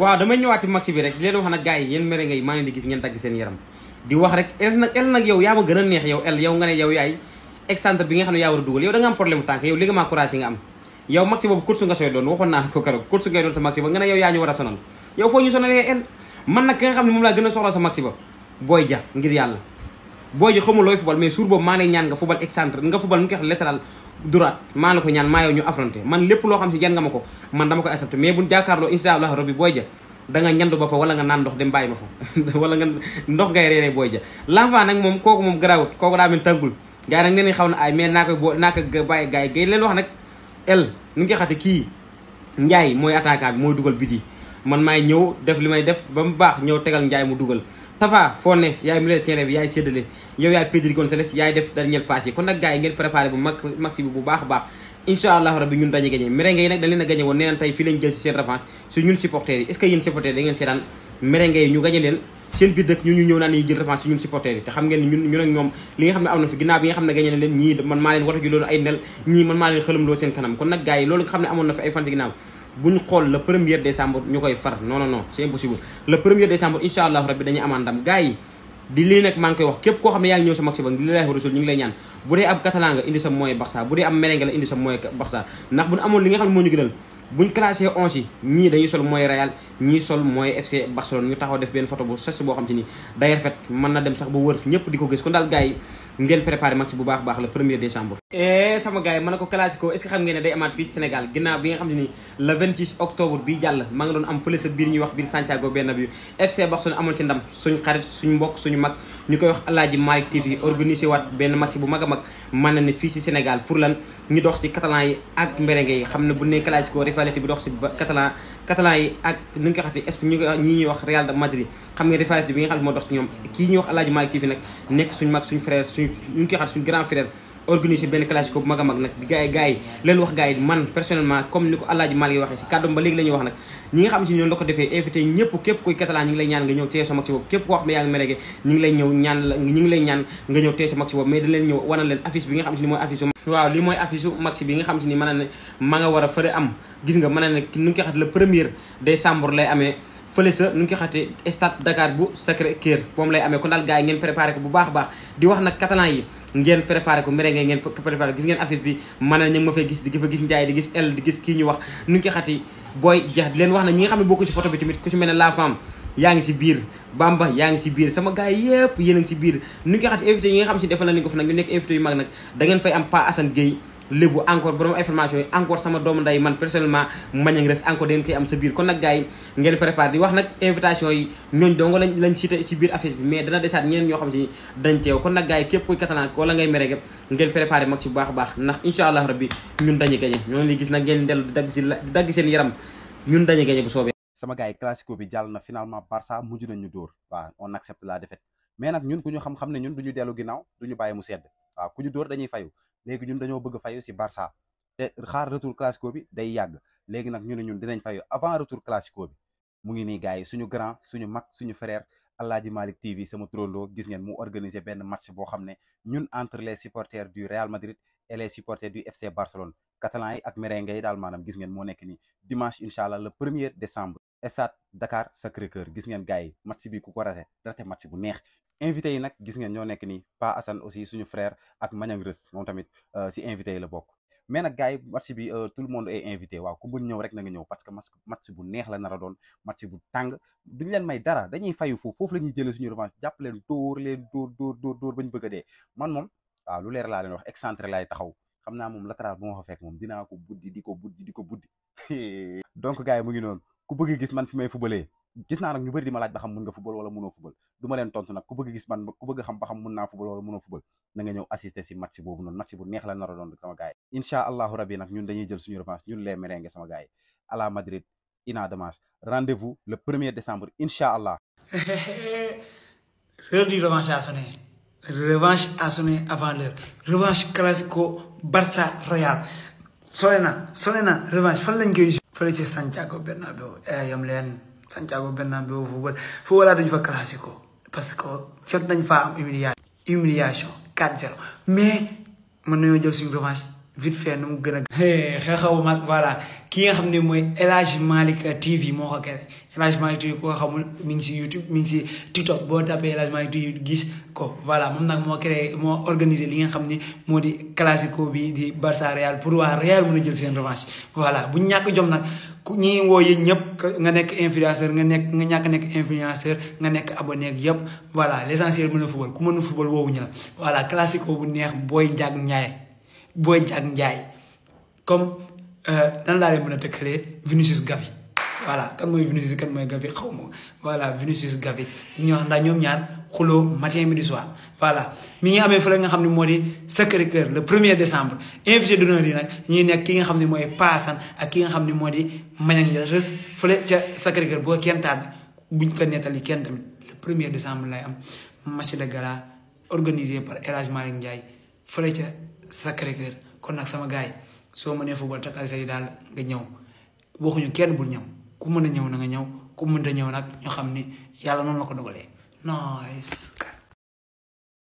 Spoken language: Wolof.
waaw damay ñëwaat si match bi rek di leen wax nag gars yi yéen mere ngay maa di gis ngeen dagg seen yaram di wax rek el nag yaa ma gën a neex yow el nga ne yow yaay excentre bi nga xam ne yaa war a dugal yow da nga am problème tànk yow ligament croisé nga am yow match boobu course nga sooy doon waxoon naa ko keroog course ngay doon sa match ba nga ne yow yaa ñu war a sonal yow foo ñu sonalee el man nag ki nga xam ne moom laa gën a soxla sa match ba booy boo ji xamul looy fubal mais suur boobu maa lay ñaan nga fubal excentre nga fubal nu maa la ko ñaan maa yow ñu affronté man lépp loo xam si yan nga ma ko man dama ko accepté mais buñ jàkkaarloo insha allah rabbi booy ja da nga ñandu ba fa wala nga naan ndox dem bàyyi ma fa wala nga ndox ngay reeree booy ja l'enfant nag moom kooku moom garaawut kooku daa mel tàngul gars yi nag nee xaw na ay mais naa koy boo naa ko bàyyi gars leen wax nag el nu ngi kii njaay mooy attaquant bi mooy dugal biti man maay ñëw def li may def ba mu baax ñëw tegal njaay mu dugal Tafa foo ne yaay milieu de terrain bi yaay séddale yow yaay Pedri Gonçalves yaay def dernier passe kon nag gars yi a baax incha allahu rabbi ñun dañu gañe merengue yi nag dañ leen a na tey fii lañ jël si seen revanche su ñun supporters yi nga xam ne am na fi ginnaaw ne leen ñii man maa leen wata ju loolu ay nel ñii man maa leen xëlamloo seen kanam kon nag gars yi loolu nga xam ne amoon na fi ay fan si ginnaaw bu ñu xool le premier décembre ñu koy far non non non c'est impossible le premier décembre incha allah rabbi dañuy amaan ndam gars yi di lii nag maa ngi koy wax képp koo xam ne yaa ngi ñëw sa max ba li lay rasul ñu ngi lay ñaan bu dee ab catalan la indi sa moyen barça ndax bu ñu amoon li nga xam ne moo ñu gënal buñ classé onze yi ñii dañuy sol mooy Real ñii sol mooy FC Barcelone ñu taxaw def benn photo bu sas boo xam te ni day rafet mën na dem sax ba wër ñëpp di ko gis kon daal gars yi ngeen préparé match bu baax baax le premier décembre e sama gars yi ma ko classico est que xam ngeen day amaat fii Sénégal ginnaaw bi nga xam ne ni le octobre bi jàll maa ngi doon am fële sa biir ñuy wax biir Santiago Bernabéu mag ñu bu mag a mag mën ne fii si Sénégal pour lan ñu dox si catalan yi ak merengue yi xam ne bu ne classico rivalité bi dox si catalan catalan yi ak ni nga xam nga rivalité bi nga xam ne moo dox si ñoom kii ñuy wax suñu ngi koy xat suñu grand frère organisé benn classico bu mag mag nag di gars leen wax gars man personnellement comme ni ko Alaaji Malick waxee wax nag ñi ngi lay ñaan nga ñëw teye sa mag si boobu mais dañ leen ñëw wanal leen affiche bi nga xam si ni mooy affiche waaw li mooy affiche max si ni ma nga war a fëre am gis nga mën na ne ni nga koy xat le premier décembre lay amee fële sa nu ngi koy xate stade Dakar bu Sacré-Cœur moom lay amee kon daal gars ngeen préparé ko bu baax baax di wax nag catalan yi ngeen préparé ko merengue ngeen préparé ne bokku ci photo bi tamit ku si mel ne la femme yaa ngi si biir Bamba yaa ngi si biir sama gars yi yëpp a si biir nu ngi xati invité yi nga xam si defal na li ko fa nag ñu nekk invité yu mag nag da fay am Pa Assane Gueye lébu encore borom information yi encore sama doomu nday man personnellement mañang res encore dañ koy am sa biir kon nag gars yi ngeen préparé di wax nag invitation yi ñooñ donga lañ lañ cité si biir mais dana desaat ñeneen ñoo xam si dañ teew kon nag gars yi a baax ndax incha allah rabbi ñun dañu gañe ñoo ngi gis nag ngeen dellu di dagg si di dagg seen yaram ñun dañu gañe bu soobee sama gars yi classico bi jàll na finalement Barça mujj nañu dóor waaw on accepte la défaite mais nag ñun ku ñu xam-xam ne ñun du ñu dellu ginnaaw duñu bàyyi mu sedd waaw ku ñu dóor dañuy fayu léegi ñun dañoo bëgg fayoo si Barça te xaar retour classico bi day yàgg léegi nag ñu ne ñun dinañ fayu avant retour classico bi mu ngi nii gars yi suñu grand suñu mag suñu frère Aladji Malick TV sama turandoo gis ngeen mu organiser benn match boo xam ne ñun entre les supporters du Real Madrid et les supporters du FC Barcelone catalan yi ak merengue yi daal maanaam gis ngeen moo nekk nii dimanche incha allah le premier décembre stade Dakar Sacré-Cœur gis ngeen gars yi match bi ku ko rate rate match bu neex invité yi nag gis nga ñoo nekk nii Pa Assane aussi suñu frère ak Mañang Rës moom tamit euh, si invité yi la bokk mais nag gars yi match bi euh, tout le monde est invité waaw ñëw rek na ñëw parce que match bu neex la nar a doon match bu tàng duñu leen may dara dañuy fayu foofu foofu la ñuy jëlee suñu revanche jàpp leen dóor leen dóor bëgg dee man moom waaw lu leer laa leen wax excentré laay taxaw xam naa moom latéral bu ma fa fekk moom dinaa ko buddi di ko buddi di ko buddi donc gars yi mu ngi noonu ku bëgg gis man fi may lee gis naa nag ñu bëri di ma laaj ba xam mun nga football wala mënoo football du ma leen tontu nag ba xam mun naa football wala mënoo football si boobu noonu match bu neex la a revanche ñun le premier décembre incha allah l'heure du revanche a sonné revanche a avant l'heure revanche classico Barça Real sonné na revanche fan lañ koy Santiago Bernabéu eh, yam leen Santiago Bernabéu foofu footballaatuñu fa classico parce que jot nañ faa am humiliation humiliation 4-0 mais mën nañoo jël suñu revanche vite fait nu mu gën a. xew-xew mag voilà ki nga xam ne mooy El Hadj Malick TV moo ko kere El xamul mi ngi si YouTube mi ngi si TikTok boo tapee El Hadj Malick TV gis ko voilà moom nag moo créé moo organisé li nga xam ni moo di classico bi di Barça Real pour waa Real mën a jël seen revanche voilà bu ñàkk jom nag ku ñi woo yéen ñëpp nga nekk influenceur nga nekk nga ñàkk nekk influenceur nga nekk abonné ak yëpp voilà l' essentiel mën a football ku mën a football woowu ñu la voilà classico bu neex booy njàgg ñaaye boo Diagne Ndiaye comme euh, nan laa leen mën a tëkkalee Vinicius Gavi voilà kan mooy Vinicius kan mooy Gavi xaw ma voilà Vinicius Gavi ñoo xam ndax ñoom ñaar xuloo matin midi soir voilà mi ngi amee fële nga xam ne moo di Sacré-Cœur le premier décembre yi nag ñuy nekk ki nga xam ni mooy paasan ak ki nga xam ne moo di mañang ya rës ca sacré boo kenn tardé buñ ko nettali kenn tamit le premier décembre lay am match de gala organisé par éragement Hadj Malick Ndiaye fële ca Sacré Cœur kon nag sama gars yi soo mënee football te xaalis yi daal nga ñëw waxuñu kenn bul ñëw ku mën a ñëw na nga ñëw ku mënta ñëw nag ñu xam ni yàlla noonu la ko dogalee nice.